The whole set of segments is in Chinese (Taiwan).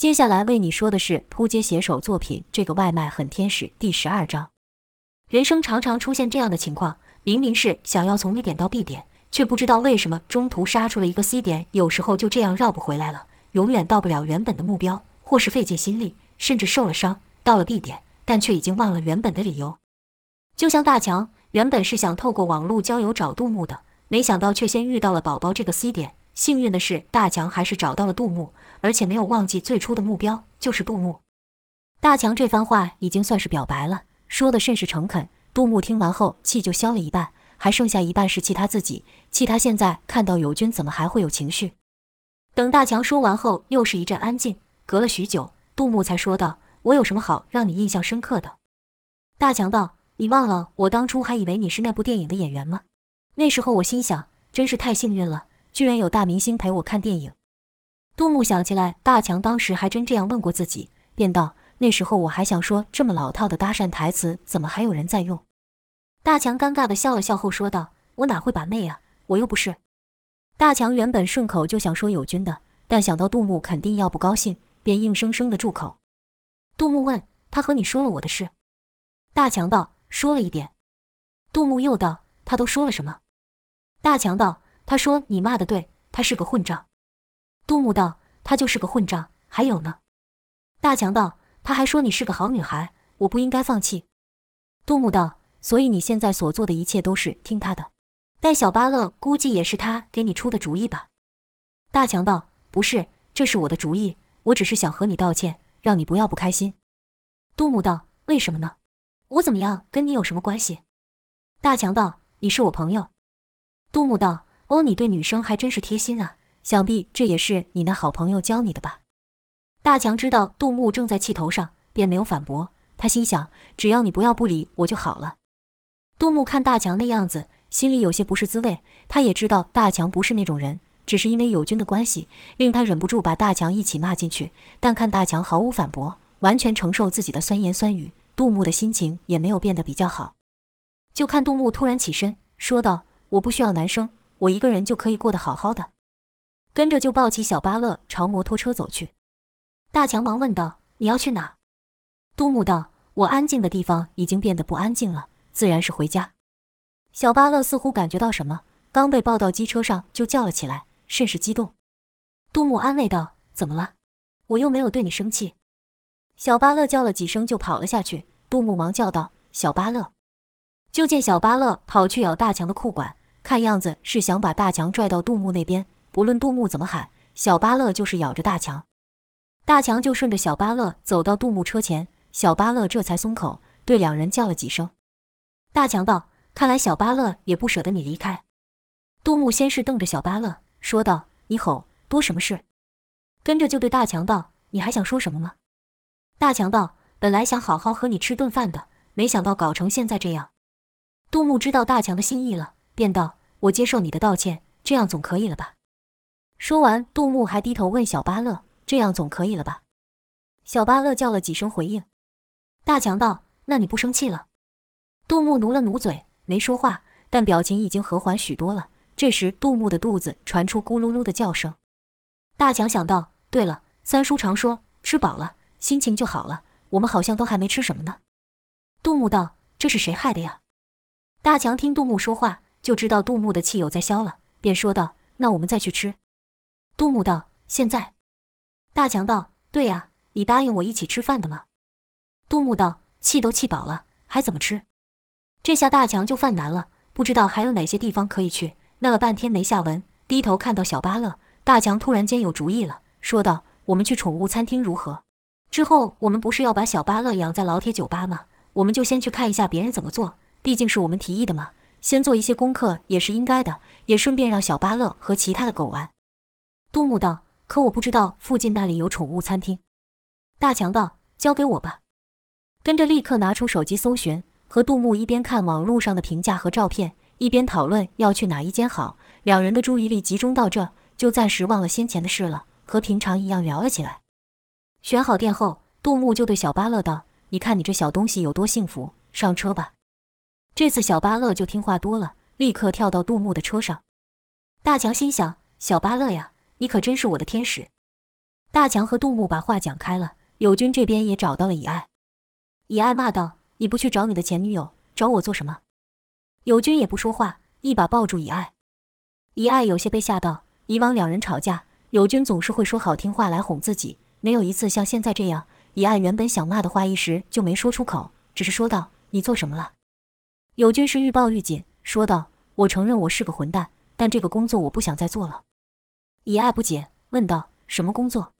接下來為你說的是撲街寫手作品《這個外賣很天使》第十二章。人生常常出現這樣的情況，明明是想要從 A 點到 B 點，卻不知道為什麼中途殺出了一個 C 點，有時候就這樣繞不回來了，永遠到不了原本的目標，或是費盡心力，甚至受了傷，到了 B 點，但卻已經忘了原本的理由。就像大強，原本是想透過網絡交友找杜牧的，沒想到卻先遇到了寶寶這個 C 點。幸運的是，大強還是找到了杜牧，而且沒有忘記最初的目標，就是杜牧。大強這番話已經算是表白了，說的甚是誠懇。杜牧聽完後氣就消了一半，還剩下一半是氣他自己，氣他現在看到友軍怎麼還會有情緒。等大強說完後，又是一陣安靜。隔了許久，杜牧才說道：“我有什麼好讓你印象深刻的？”大強道：“你忘了我當初還以為你是那部電影的演員嗎？那時候我心想，真是太幸運了。”居然有大明星陪我看電影。杜牧想起來，大強當時還真這樣問過自己，便道：“那時候我還想說，這麼老套的搭訕台詞，怎麼還有人在用？”大強尷尬的笑了笑後說道：“我哪會把妹啊，我又不是。”大強原本順口就想說“友軍”的，但想到杜牧肯定要不高興，便硬生生的住口。杜牧問他：“和你說了我的事？”大強道：“說了一點。”杜牧又道：“他都說了什麼？”大強道：他說：“你罵得對，他是個混賬。”杜牧道：“他就是個混賬，還有呢？”大強道：“他還說你是個好女孩，我不應該放棄。”杜牧道：“所以你現在所做的一切都是聽他的，但小巴勒估計也是他給你出的主意吧？”大強道：“不是，這是我的主意，我只是想和你道歉，讓你不要不開心。”杜牧道：“為什麼呢？我怎麼樣跟你有什麼關係？”大強道：“你是我朋友。”杜牧道。哦，你對女生還真是貼心啊！想必這也是你那好朋友教你的吧？大強知道杜牧正在氣頭上，便沒有反駁。他心想，只要你不要不理我就好了。杜牧看大強那樣子，心裡有些不是滋味。他也知道大強不是那種人，只是因為友軍的關係，令他忍不住把大強一起罵進去。但看大強毫無反駁，完全承受自己的酸言酸語，杜牧的心情也沒有變得比較好。就看杜牧突然起身，說道：“我不需要男生。”我一個人就可以過得好好的，跟着就抱起小巴樂朝摩托車走去。大強忙問道：“你要去哪？”杜牧道：“我安靜的地方已經變得不安靜了，自然是回家。”小巴樂似乎感覺到什麼，剛被抱到機車上就叫了起來，甚是激動。杜牧安慰道：“怎麼了？我又沒有對你生氣。”小巴樂叫了幾聲就跑了下去。杜牧忙叫道：“小巴樂！”就見小巴樂跑去咬大強的褲管。看樣子是想把大強拽到杜牧那邊，不論杜牧怎麼喊，小巴勒就是咬着大強。大強就順着小巴勒走到杜牧車前，小巴勒這才鬆口，對兩人叫了幾聲。大強道：“看來小巴勒也不舍得你離開。”杜牧先是瞪着小巴勒說道：“你吼多什麼事？”跟着就對大強道：“你還想說什麼嗎？”大強道：“本來想好好和你吃頓飯的，沒想到搞成現在這樣。”杜牧知道大強的心意了。便道：“我接受你的道歉，這樣總可以了吧？”說完，杜牧還低頭問小巴樂：“這樣總可以了吧？”小巴樂叫了幾聲回應。大強道：“那你不生氣了？”杜牧努了努嘴，沒說話，但表情已經和緩許多了。這時，杜牧的肚子傳出咕嚕嚕的叫聲。大強想道：“對了，三叔常說，吃飽了心情就好了。我們好像都還沒吃什麼呢？”杜牧道：“這是誰害的呀？”大強聽杜牧說話。就知道杜牧的氣有在消了，便說道：“那我們再去吃。”杜牧道：“現在？”大強道：“對呀，你答應我一起吃飯的嗎？”杜牧道：“氣都氣飽了，還怎麼吃？”這下大強就犯難了，不知道還有哪些地方可以去。鬧了半天沒下文，低頭看到小巴樂，大強突然間有主意了，說道：“我們去寵物餐廳如何？”之後我們不是要把小巴樂養在老鐵酒吧嗎？我們就先去看一下別人怎麼做，畢竟是我們提議的嘛。”先做一些功課也是應該的，也順便讓小巴樂和其他的狗玩。杜牧道：“可我不知道附近哪裡有寵物餐廳。”大強道：“交給我吧。”跟着立刻拿出手機搜尋，和杜牧一邊看網絡上的評價和照片，一邊討論要去哪一間好。兩人的注意力集中到這，就暫時忘了先前的事了，和平常一樣聊了起來。選好店後，杜牧就對小巴樂道：“你看你這小東西有多幸福，上車吧。”這次小巴樂就聽話多了，立刻跳到杜牧的車上。大強心想：小巴樂呀，你可真是我的天使。大強和杜牧把話講開了。友軍這邊也找到了以愛。以愛罵道：“你不去找你的前女友，找我做什麼？”友軍也不說話，一把抱住以愛。以愛有些被嚇到。以往兩人吵架，友軍總是會說好聽話來哄自己，沒有一次像現在這樣。以愛原本想罵的話一時就沒說出口，只是說道：“你做什麼了？”友軍是預報預警，說道：“我承認我是個混蛋，但這個工作我不想再做了。”以愛不解問道：“什麼工作？”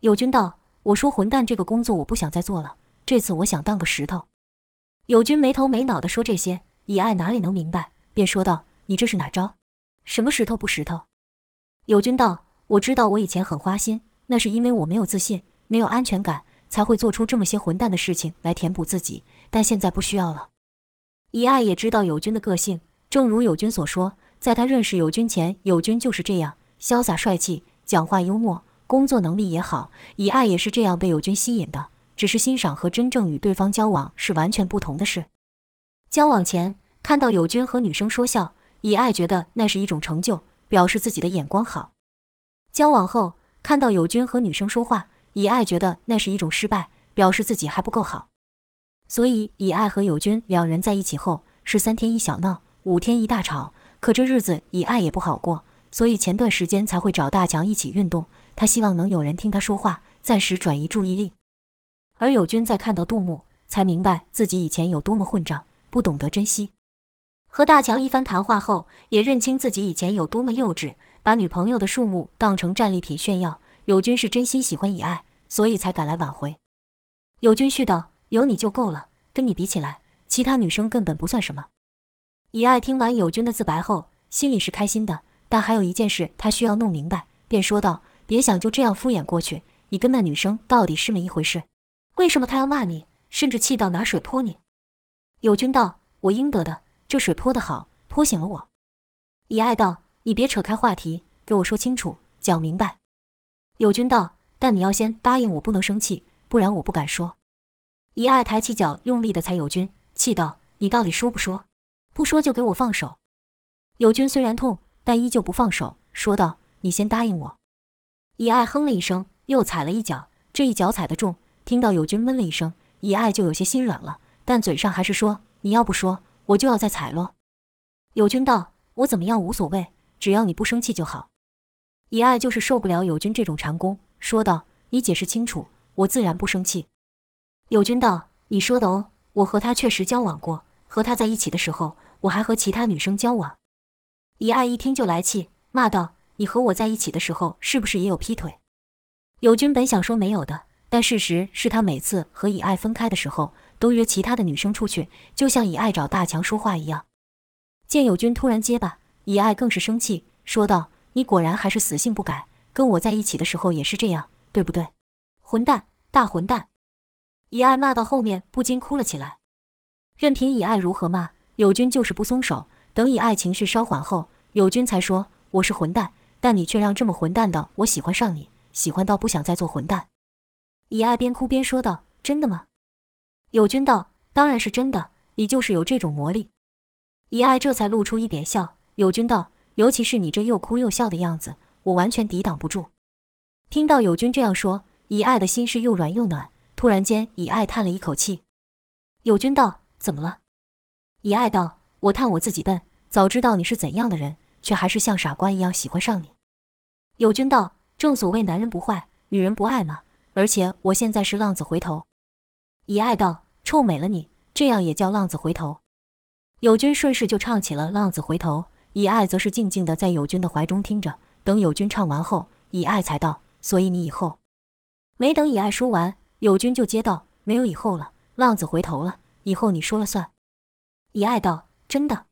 友軍道：“我說混蛋，這個工作我不想再做了。這次我想當個石頭。”友軍沒頭沒腦地說這些，以愛哪裡能明白，便說道：“你這是哪招？什麼石頭不石頭？”友軍道：“我知道我以前很花心，那是因為我沒有自信，沒有安全感，才會做出這麼些混蛋的事情來填補自己。但現在不需要了。”以愛也知道友軍的個性，正如友軍所說，在他認識友軍前，友軍就是這樣，瀟灑帥氣，講話幽默，工作能力也好。以愛也是這樣被友軍吸引的，只是欣賞和真正與對方交往是完全不同的事。交往前，看到友軍和女生說笑，以愛覺得那是一種成就，表示自己的眼光好；交往後，看到友軍和女生說話，以愛覺得那是一種失敗，表示自己還不夠好。所以，以愛和友軍兩人在一起後，是三天一小鬧，五天一大吵。可這日子，以愛也不好過，所以前段時間才會找大強一起運動。他希望能有人聽他說話，暫時轉移注意力。而友軍在看到杜牧，才明白自己以前有多麼混賬，不懂得珍惜。和大強一番談話後，也認清自己以前有多麼幼稚，把女朋友的數目當成戰利品炫耀。友軍是真心喜歡以愛，所以才趕來挽回。友軍續道。有你就夠了，跟你比起來，其他女生根本不算什麼。以愛聽完友軍的自白後，心裡是開心的，但還有一件事她需要弄明白，便說道：“別想就這樣敷衍過去，你跟那女生到底是沒一回事？為什麼她要罵你，甚至氣到拿水潑你？”友軍道：“我應得的，這水潑得好，潑醒了我。”以愛道：“你別扯開話題，給我說清楚，講明白。”友軍道：“但你要先答應我，不能生氣，不然我不敢說。”以愛抬起腳，用力的踩友軍，氣道：“你到底說不說？不說就給我放手！”友軍雖然痛，但依舊不放手，說道：“你先答應我。”以愛哼了一聲，又踩了一腳，這一腳踩得重，聽到友軍悶了一聲，以愛就有些心軟了，但嘴上還是說：“你要不說，我就要再踩咯！”友軍道：“我怎麼樣無所謂，只要你不生氣就好。”以愛就是受不了友軍這種纏功，說道：“你解釋清楚，我自然不生氣。”友軍道：“你說的哦，我和他確實交往過。和他在一起的時候，我還和其他女生交往。”以愛一聽就來氣，罵道：“你和我在一起的時候，是不是也有劈腿？”友軍本想說沒有的，但事實是他每次和以愛分開的時候，都約其他的女生出去，就像以愛找大強說話一樣。見友軍突然結巴，以愛更是生氣，說道：“你果然還是死性不改，跟我在一起的時候也是這樣，對不對？混蛋，大混蛋！”以愛罵到後面，不禁哭了起來。任憑以愛如何罵，友軍就是不鬆手。等以愛情緒稍緩後，友軍才說：“我是混蛋，但你卻讓這麼混蛋的我喜歡上你，喜歡到不想再做混蛋。”以愛邊哭邊說道：“真的嗎？”友軍道：“當然是真的，你就是有這種魔力。”以愛這才露出一點笑。友軍道：“尤其是你這又哭又笑的樣子，我完全抵擋不住。”聽到友軍這樣說，以愛的心是又軟又暖。突然間，以愛嘆了一口氣。友軍道：“怎麼了？”以愛道：“我嘆我自己笨，早知道你是怎樣的人，卻還是像傻瓜一樣喜歡上你。”友軍道：“正所謂男人不壞，女人不愛嘛。而且我現在是浪子回頭。”以愛道：“臭美了你，這樣也叫浪子回頭。”友軍順勢就唱起了《浪子回頭》，以愛則是靜靜的在友軍的懷中聽着。等友軍唱完後，以愛才道：“所以你以後……”沒等以愛說完。友軍就接到，沒有以後了，浪子回頭了，以後你說了算。以愛道，真的？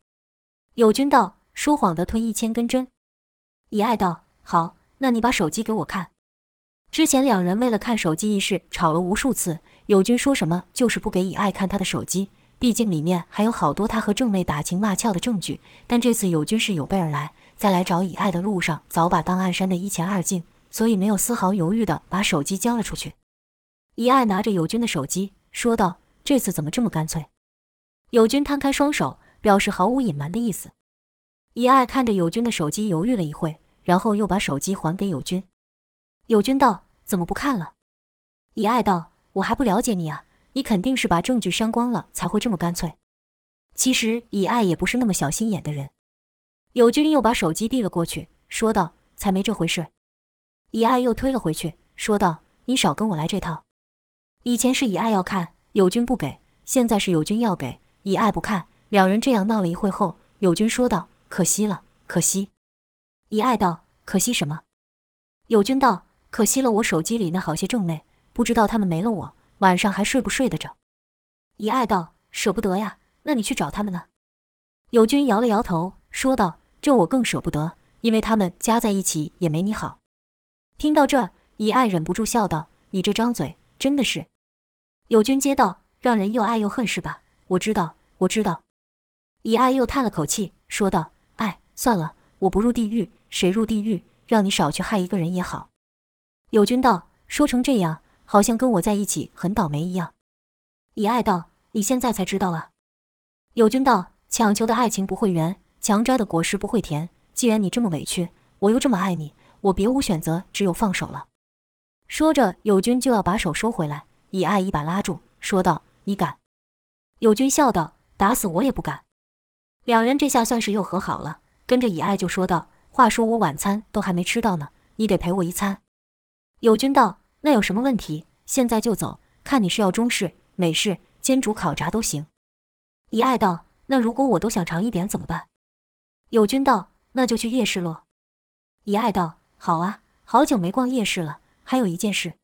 友軍道，說謊的吞一千根針。以愛道，好，那你把手機給我看。之前兩人為了看手機一事吵了無數次，友軍說什麼就是不給以愛看他的手機，畢竟裡面還有好多他和正妹打情罵俏的證據。但這次友軍是有備而來，在來找以愛的路上早把檔案刪得一乾二淨，所以沒有絲毫猶豫地把手機交了出去。以愛拿着友軍的手機說道：“這次怎麼這麼乾脆？”友軍攤開雙手，表示毫無隱瞞的意思。以愛看着友軍的手機，猶豫了一會，然後又把手機還給友軍。友軍道：“怎麼不看了？”以愛道：“我還不了解你啊，你肯定是把證據刪光了才會這麼乾脆。”其實以愛也不是那麼小心眼的人。友軍又把手機遞了過去，說道：“才沒這回事。”以愛又推了回去，說道：“你少跟我來這套。”以前是以愛要看友軍不給，現在是友軍要給以愛不看。兩人這樣鬧了一會後，友軍說道：“可惜了，可惜。”以愛道：“可惜什麼？”友軍道：“可惜了我手機裡那好些正妹，不知道他們沒了我晚上還睡不睡得着。”以愛道：“捨不得呀，那你去找他們呢？”友軍搖了搖頭，說道：“這我更捨不得，因為他們加在一起也沒你好。”聽到這，以愛忍不住笑道：“你這張嘴真的是……”友軍接道：“讓人又愛又恨是吧？我知道，我知道。”以愛又嘆了口氣，說道：“哎，算了，我不入地獄，誰入地獄？讓你少去害一個人也好。”友軍道：“說成這樣，好像跟我在一起很倒霉一樣。”以愛道：“你現在才知道啊。”友軍道：“強求的愛情不會圓，強摘的果實不會甜。既然你這麼委屈，我又這麼愛你，我別無選擇，只有放手了。”說着，友軍就要把手收回來。以愛一把拉住，說道：“你敢？”友軍笑道：“打死我也不敢。”兩人這下算是又和好了。跟着以愛就說道：“話說我晚餐都還沒吃到呢，你得陪我一餐。”友軍道：“那有什麼問題？現在就走，看你是要中式、美式、煎煮、烤炸都行。”以愛道：“那如果我都想嘗一點怎麼辦？”友軍道：“那就去夜市咯。”以愛道：“好啊，好久沒逛夜市了。還有一件事。”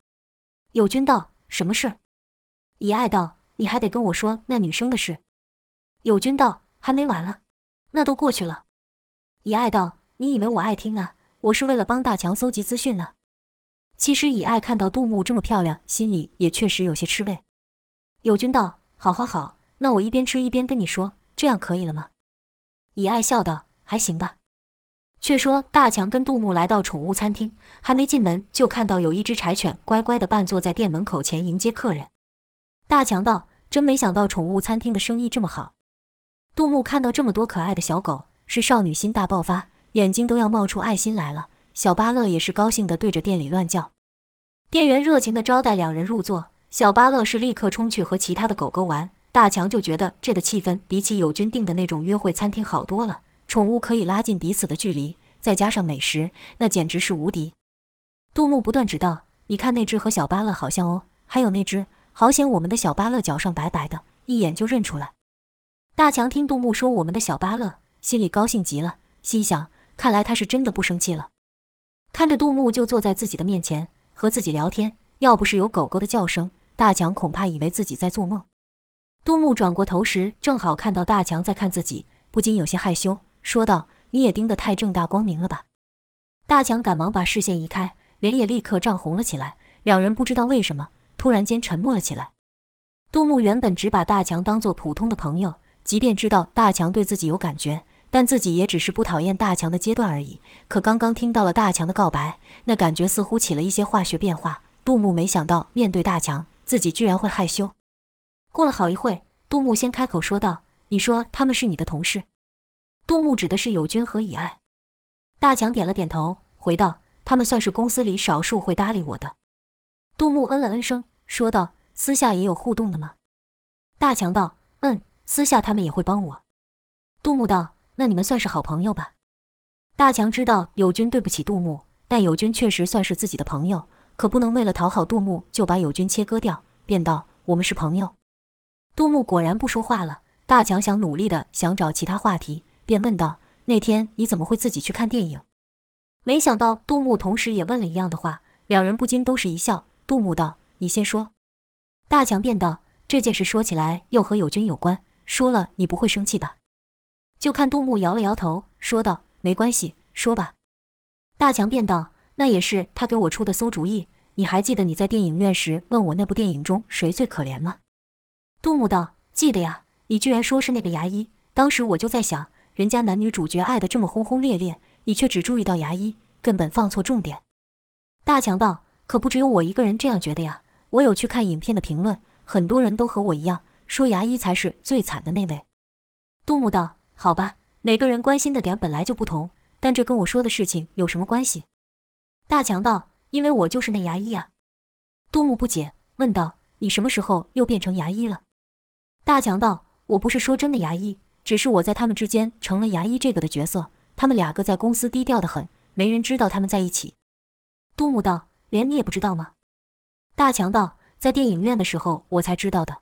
友軍道。什麼事？以愛道，你還得跟我說那女生的事。友軍道，還沒完了，那都過去了。以愛道，你以為我愛聽啊？我是為了幫大強蒐集資訊呢、啊。其實以愛看到杜牧這麼漂亮，心裡也確實有些吃味。友軍道，好好好，那我一邊吃一邊跟你說，這樣可以了嗎？以愛笑道，還行吧。卻說，大強跟杜牧來到寵物餐廳，還沒進門就看到有一隻柴犬乖乖地半坐在店門口前迎接客人。大強道：“真沒想到寵物餐廳的生意這麼好。”杜牧看到這麼多可愛的小狗，是少女心大爆發，眼睛都要冒出愛心來了。小巴樂也是高興地對着店裡亂叫。店員熱情地招待兩人入座，小巴樂是立刻衝去和其他的狗狗玩，大強就覺得這的氣氛比起友軍訂的那種約會餐廳好多了。寵物可以拉近彼此的距離，再加上美食，那簡直是無敵。杜牧不斷指道：“你看那隻和小巴勒好像哦，還有那隻，好顯我們的小巴勒腳上白白的，一眼就認出來。”大強聽杜牧說我們的小巴勒，心裡高興極了，心想：看來他是真的不生氣了。看着杜牧就坐在自己的面前和自己聊天，要不是有狗狗的叫聲，大強恐怕以為自己在做夢。杜牧轉過頭時，正好看到大強在看自己，不禁有些害羞。說道：“你也盯得太正大光明了吧？”大強趕忙把視線移開，臉也立刻漲紅了起來。兩人不知道為什麼，突然間沉默了起來。杜牧原本只把大強當做普通的朋友，即便知道大強對自己有感覺，但自己也只是不討厭大強的階段而已。可剛剛聽到了大強的告白，那感覺似乎起了一些化學變化。杜牧沒想到，面對大強，自己居然會害羞。過了好一會，杜牧先開口說道：“你說他們是你的同事？”杜牧指的是友軍和以愛。大強點了點頭，回道：“他們算是公司裡少數會搭理我的。”杜牧嗯了嗯聲，說道：“私下也有互動的嗎？”大強道：“嗯，私下他們也會幫我。”杜牧道：“那你們算是好朋友吧？”大強知道友軍對不起杜牧，但友軍確實算是自己的朋友，可不能為了討好杜牧就把友軍切割掉，便道：“我們是朋友。”杜牧果然不說話了。大強想努力地想找其他話題。便問道：“那天你怎麼會自己去看電影？”沒想到杜牧同時也問了一樣的話，兩人不禁都是一笑。杜牧道：“你先說。”大強便道：“這件事說起來又和友軍有關，說了你不會生氣的。”就看杜牧搖了搖頭，說道：“沒關係，說吧。”大強便道：“那也是他給我出的餿主意。你還記得你在電影院時問我那部電影中誰最可憐嗎？”杜牧道：“記得呀，你居然說是那個牙醫。當時我就在想。”人家男女主角愛得這麼轟轟烈烈，你卻只注意到牙醫，根本放錯重點。大強道：“可不只有我一個人這樣覺得呀！我有去看影片的評論，很多人都和我一樣，說牙醫才是最慘的那位。”杜牧道：“好吧，每個人關心的點本來就不同，但這跟我說的事情有什麼關係？”大強道：“因為我就是那牙醫啊！”杜牧不解，問道：“你什麼時候又變成牙醫了？”大強道：“我不是說真的牙醫。”只是我在他們之間成了牙醫這個的角色，他們兩個在公司低調得很，沒人知道他們在一起。杜牧道：“連你也不知道嗎？”大強道：“在電影院的時候我才知道的。”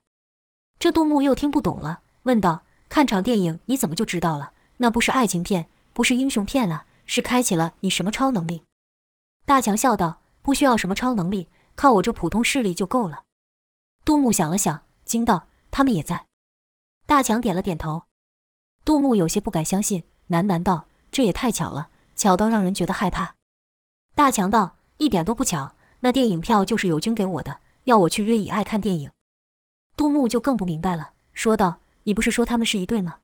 這杜牧又聽不懂了，問道：“看場電影你怎麼就知道了？那不是愛情片，不是英雄片了啊，是開啟了你什麼超能力？”大強笑道：“不需要什麼超能力，靠我這普通視力就夠了。”杜牧想了想，驚道：“他們也在。”大強點了點頭。杜牧有些不敢相信，喃喃道：“這也太巧了，巧到讓人覺得害怕。”大強道：“一點都不巧，那電影票就是友軍給我的，要我去約以愛看電影。”杜牧就更不明白了，說道：“你不是說他們是一對嗎？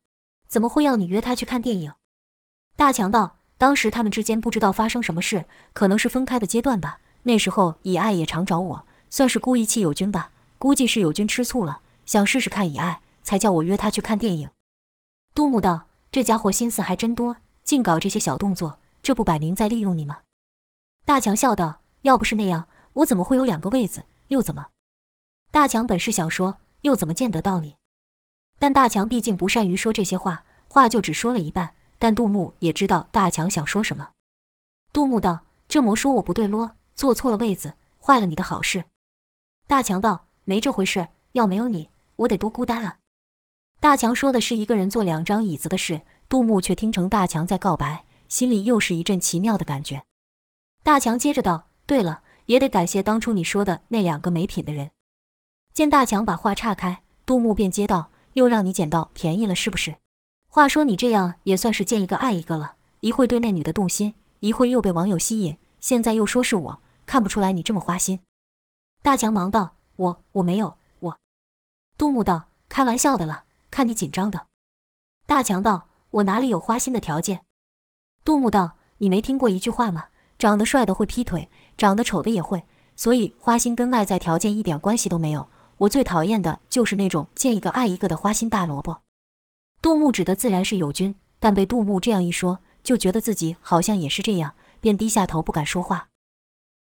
怎麼會要你約他去看電影？”大強道：“當時他們之間不知道發生什麼事，可能是分開的階段吧。那時候以愛也常找我，算是故意氣友軍吧。估計是友軍吃醋了，想試試看以愛，才叫我約他去看電影。”杜牧道：“這家伙心思還真多，淨搞這些小動作，這不擺明在利用你嗎？”大強笑道：“要不是那樣，我怎麼會有兩個位子？又怎麼？”大強本是想說“又怎麼見得到你”，但大強畢竟不善於說這些話，話就只說了一半。但杜牧也知道大強想說什麼。杜牧道：“這麼說我不對囉，坐錯了位子，壞了你的好事。”大強道：“沒這回事，要沒有你，我得多孤單啊。”大強說的是一個人坐兩張椅子的事，杜牧卻聽成大強在告白，心裡又是一陣奇妙的感覺。大強接着道：“對了，也得感謝當初你說的那兩個沒品的人。”見大強把話岔開，杜牧便接道：“又讓你撿到便宜了是不是？話說你這樣也算是見一個愛一個了，一會對那女的動心，一會又被網友吸引，現在又說是我，看不出來你這麼花心。”大強忙道：“我我沒有我。”杜牧道：“開玩笑的了。”看你緊張的，大強道：“我哪裡有花心的條件？”杜牧道：“你沒聽過一句話嗎？長得帥的會劈腿，長得醜的也會，所以花心跟外在條件一點關係都沒有。我最討厭的就是那種見一個愛一個的花心大蘿蔔。”杜牧指的自然是友軍，但被杜牧這樣一說，就覺得自己好像也是這樣，便低下頭不敢說話。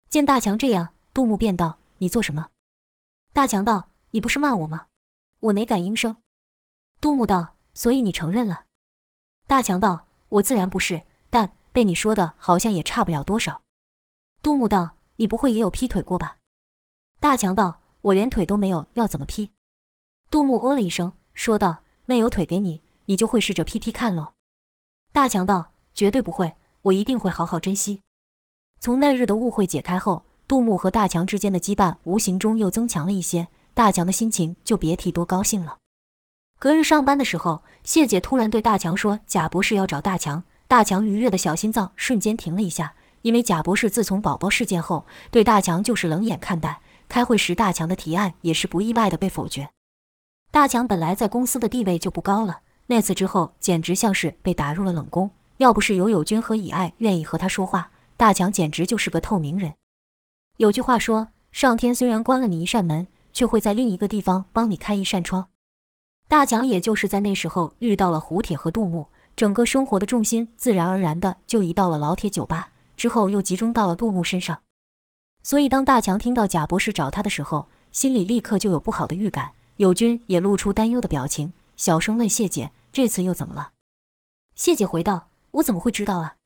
見大強這樣，杜牧便道：“你做什麼？”大強道：“你不是罵我嗎？”我哪敢應聲。杜牧道：“所以你承認了？”大強道：“我自然不是，但被你說的好像也差不了多少。”杜牧道：“你不會也有劈腿過吧？”大強道：“我連腿都沒有，要怎麼劈？”杜牧哦了一聲，說道：“那有腿給你，你就會試着劈劈看嘍。”大強道：“絕對不會，我一定會好好珍惜。”從那日的誤會解開後，杜牧和大強之間的羈絆無形中又增強了一些，大強的心情就別提多高興了。隔日上班的時候，謝姐突然對大強說：“賈博士要找大強。”大強愉悅的小心臟瞬間停了一下，因為賈博士自從寶寶事件後，對大強就是冷眼看待。開會時，大強的提案也是不意外的被否決。大強本來在公司的地位就不高了，那次之後，簡直像是被打入了冷宮。要不是有友君和以愛願意和他說話，大強簡直就是個透明人。有句話說：“上天雖然關了你一扇門，卻會在另一個地方幫你開一扇窗。”大強也就是在那時候遇到了胡鐵和杜牧，整個生活的重心自然而然的就移到了老鐵酒吧，之後又集中到了杜牧身上。所以當大強聽到賈博士找他的時候，心裡立刻就有不好的預感。友軍也露出擔憂的表情，小聲問謝姐：“這次又怎麼了？”謝姐回道：“我怎麼會知道啊？”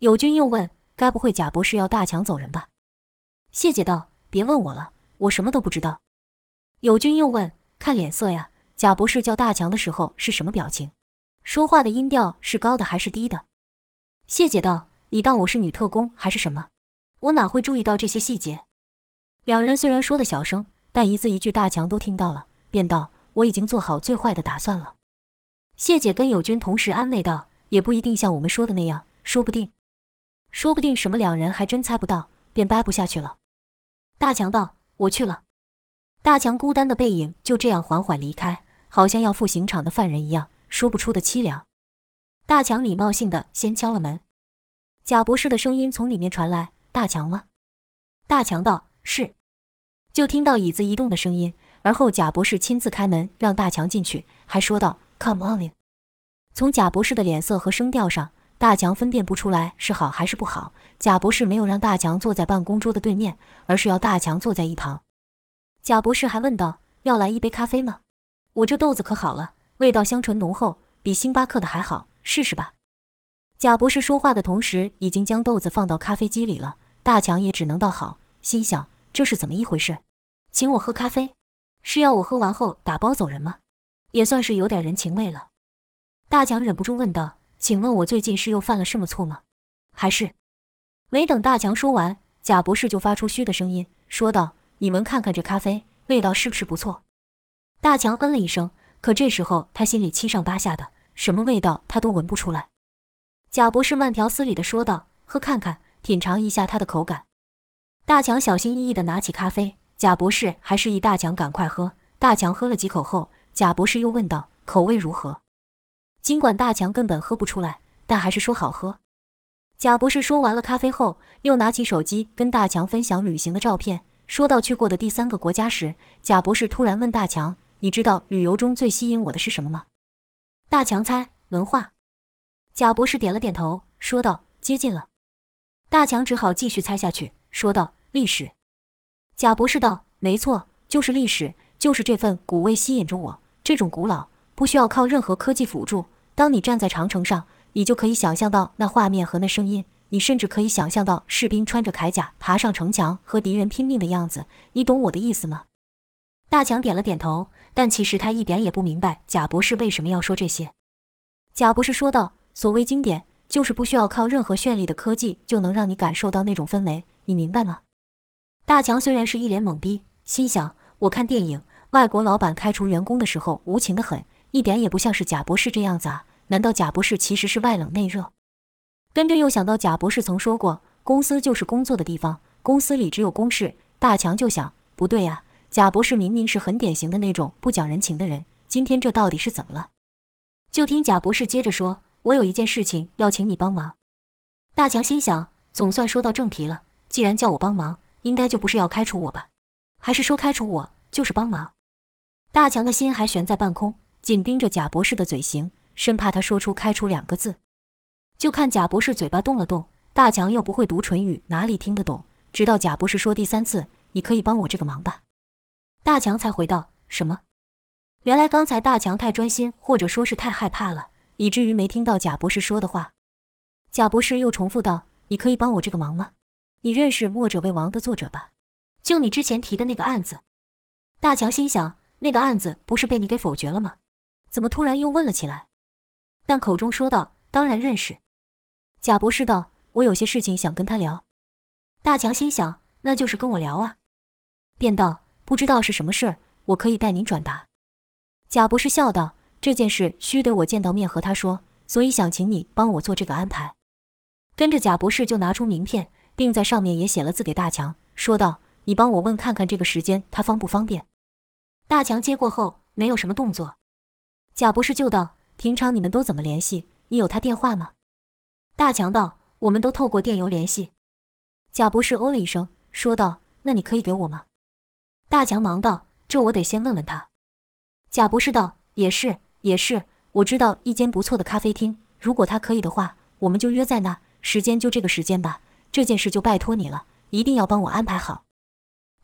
友軍又問：“該不會賈博士要大強走人吧？”謝姐道：“別問我了，我什麼都不知道。”友軍又問：“看臉色呀？”賈博士叫大強的時候是什麼表情？說話的音調是高的還是低的？謝姐道：“你當我是女特工還是什麼？我哪會注意到這些細節？”兩人雖然說的小聲，但一字一句大強都聽到了，便道：“我已經做好最壞的打算了。”謝姐跟友軍同時安慰道：“也不一定像我們說的那樣，說不定，說不定什麼。”兩人還真猜不到，便掰不下去了。大強道：“我去了。”大強孤單的背影就這樣緩緩離開。好像要赴刑場的犯人一樣，說不出的淒涼。大強禮貌性的先敲了門，賈博士的聲音從裡面傳來：“大強嗎？”大強道：“是。”就聽到椅子移動的聲音，而後賈博士親自開門，讓大強進去，還說道：“Come on in。”從賈博士的臉色和聲調上，大強分辨不出來是好還是不好。賈博士沒有讓大強坐在辦公桌的對面，而是要大強坐在一旁。賈博士還問道：“要來一杯咖啡嗎？”我這豆子可好了，味道香醇濃厚，比星巴克的還好，試試吧。賈博士說話的同時，已經將豆子放到咖啡機裡了。大強也只能道好，心想這是怎麼一回事？請我喝咖啡，是要我喝完後打包走人嗎？也算是有點人情味了。大強忍不住問道：“請問我最近是又犯了什麼錯嗎？還是……”沒等大強說完，賈博士就發出噓的聲音，說道：“你們看看這咖啡，味道是不是不錯？”大強嗯了一聲，可這時候他心裡七上八下的，什麼味道他都聞不出來。賈博士慢條斯理地說道：“喝看看，品嘗一下它的口感。”大強小心翼翼地拿起咖啡，賈博士還示意大強趕快喝。大強喝了幾口後，賈博士又問道：“口味如何？”儘管大強根本喝不出來，但還是說好喝。賈博士說完了咖啡後，又拿起手機跟大強分享旅行的照片。說到去過的第三個國家時，賈博士突然問大強。你知道旅遊中最吸引我的是什麼嗎？大強猜文化。賈博士點了點頭，說道：“接近了。”大強只好繼續猜下去，說道：“歷史。”賈博士道：“沒錯，就是歷史，就是這份古味吸引着我。這種古老不需要靠任何科技輔助。當你站在長城上，你就可以想象到那畫面和那聲音。你甚至可以想象到士兵穿着鎧甲爬上城牆和敵人拼命的樣子。你懂我的意思嗎？”大強點了點頭。但其實他一點也不明白賈博士為什麼要說這些。賈博士說道：“所謂經典，就是不需要靠任何絢麗的科技，就能讓你感受到那種氛圍。你明白嗎？”大強雖然是一臉懵逼，心想：“我看電影，外國老板開除員工的時候無情得很，一點也不像是賈博士這樣子啊。難道賈博士其實是外冷內熱？”跟着又想到賈博士曾說過：“公司就是工作的地方，公司裡只有公事。”大強就想：“不對呀。”賈博士明明是很典型的那種不講人情的人，今天這到底是怎麼了？就聽賈博士接着說：“我有一件事情要請你幫忙。”大強心想，總算說到正題了。既然叫我幫忙，應該就不是要開除我吧？還是說開除我就是幫忙？大強的心還懸在半空，緊盯着賈博士的嘴型，生怕他說出“開除”兩個字。就看賈博士嘴巴動了動，大強又不會讀唇語，哪裡聽得懂？直到賈博士說第三次：“你可以幫我這個忙吧。”大強才回道：“什麼？原來剛才大強太專心，或者說是太害怕了，以至於沒聽到賈博士說的話。”賈博士又重複道：“你可以幫我這個忙嗎？你認識《墨者為王》的作者吧？就你之前提的那個案子。”大強心想：“那個案子不是被你給否決了嗎？怎麼突然又問了起來？”但口中說道：“當然認識。”賈博士道：“我有些事情想跟他聊。”大強心想：“那就是跟我聊啊。”便道：不知道是什麼事兒，我可以代您轉達。”賈博士笑道，“這件事須得我見到面和他說，所以想請你幫我做這個安排。”跟着賈博士就拿出名片，並在上面也寫了字給大強，說道：“你幫我問看看這個時間他方不方便。”大強接過後沒有什麼動作，賈博士就道：“平常你們都怎麼聯繫？你有他電話嗎？”大強道：“我們都透過電郵聯繫。”賈博士哦了一聲，說道：“那你可以給我嗎？”大強忙道：“這我得先問問他。”賈博士道：“也是，也是。我知道一間不錯的咖啡廳，如果他可以的話，我們就約在那。時間就這個時間吧。這件事就拜托你了，一定要幫我安排好。”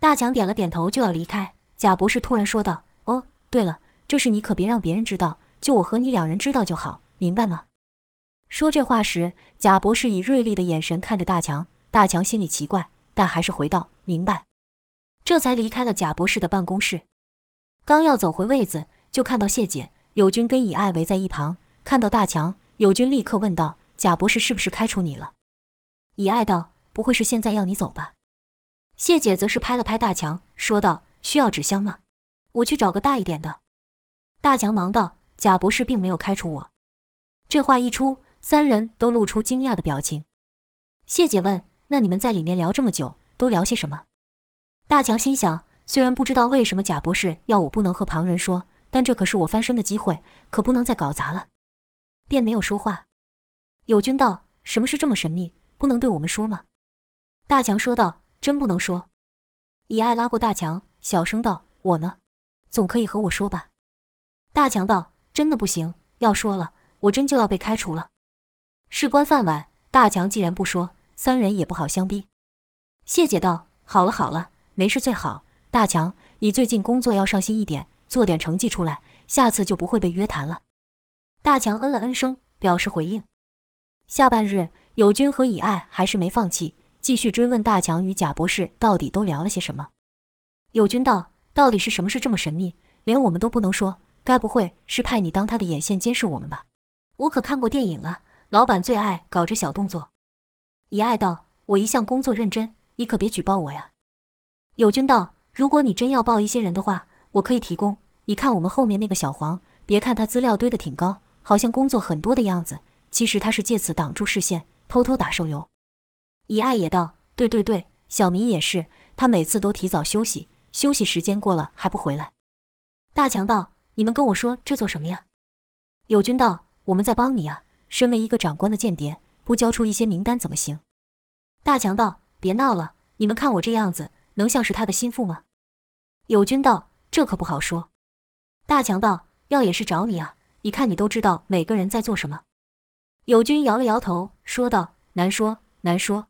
大強點了點頭，就要離開。賈博士突然說道：“哦，對了，這事你可別讓別人知道，就我和你兩人知道就好，明白嗎？”說這話時，賈博士以銳利的眼神看着大強。大強心裡奇怪，但還是回道：“明白。”這才離開了賈博士的辦公室，剛要走回位子，就看到謝姐、友軍跟以愛圍在一旁。看到大強，友軍立刻問道：“賈博士是不是開除你了？”以愛道：“不會是現在要你走吧？”謝姐則是拍了拍大強，說道：“需要紙箱嗎？我去找個大一點的。”大強忙道：“賈博士並沒有開除我。”這話一出，三人都露出驚訝的表情。謝姐問：“那你們在裡面聊這麼久，都聊些什麼？”大強心想，雖然不知道為什麼賈博士要我不能和旁人說，但這可是我翻身的機會，可不能再搞砸了，便沒有說話。友軍道：“什麼事這麼神秘，不能對我們說嗎？”大強說道：“真不能說。”以愛拉過大強，小聲道：“我呢，總可以和我說吧？”大強道：“真的不行，要說了，我真就要被開除了，事關飯碗。”大強既然不說，三人也不好相逼。謝姐道：“好了好了。”沒事最好，大強，你最近工作要上心一點，做點成績出來，下次就不會被約談了。大強嗯了嗯聲，表示回應。下半日，友軍和以愛還是沒放棄，繼續追問大強與賈博士到底都聊了些什麼。友軍道：“到底是什麼事這麼神秘，連我們都不能說？該不會是派你當他的眼線監視我們吧？”我可看過電影了，老板最愛搞這小動作。以愛道：“我一向工作認真，你可別舉報我呀。”友軍道：“如果你真要報一些人的話，我可以提供。你看我們後面那個小黃，別看他資料堆得挺高，好像工作很多的樣子，其實他是借此擋住視線，偷偷打手遊。”乙愛也道：“對對對，小明也是，他每次都提早休息，休息時間過了還不回來。”大強道：“你們跟我說這做什麼呀？”友軍道：“我們在幫你啊。身為一個長官的間諜，不交出一些名單怎麼行？”大強道：“別鬧了，你們看我這樣子。”能像是他的心腹嗎？友軍道：“這可不好說。”大強道：“要也是找你啊！你看，你都知道每個人在做什麼。”友軍搖了搖頭，說道：“難說，難說。”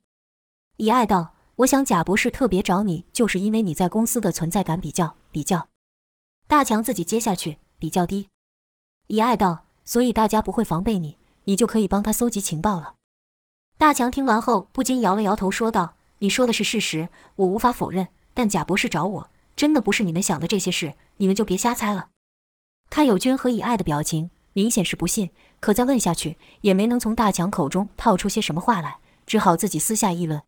以愛道：“我想賈博士特別找你，就是因為你在公司的存在感比較、比較。”大強自己接下去：“比較低。”以愛道：“所以大家不會防備你，你就可以幫他搜集情報了。”大強聽完後不禁搖了搖頭，說道：你說的是事實，我無法否認。但賈博士找我，真的不是你們想的這些事，你們就別瞎猜了。看友君和以愛的表情，明顯是不信。可再問下去，也沒能從大強口中套出些什麼話來，只好自己私下議論。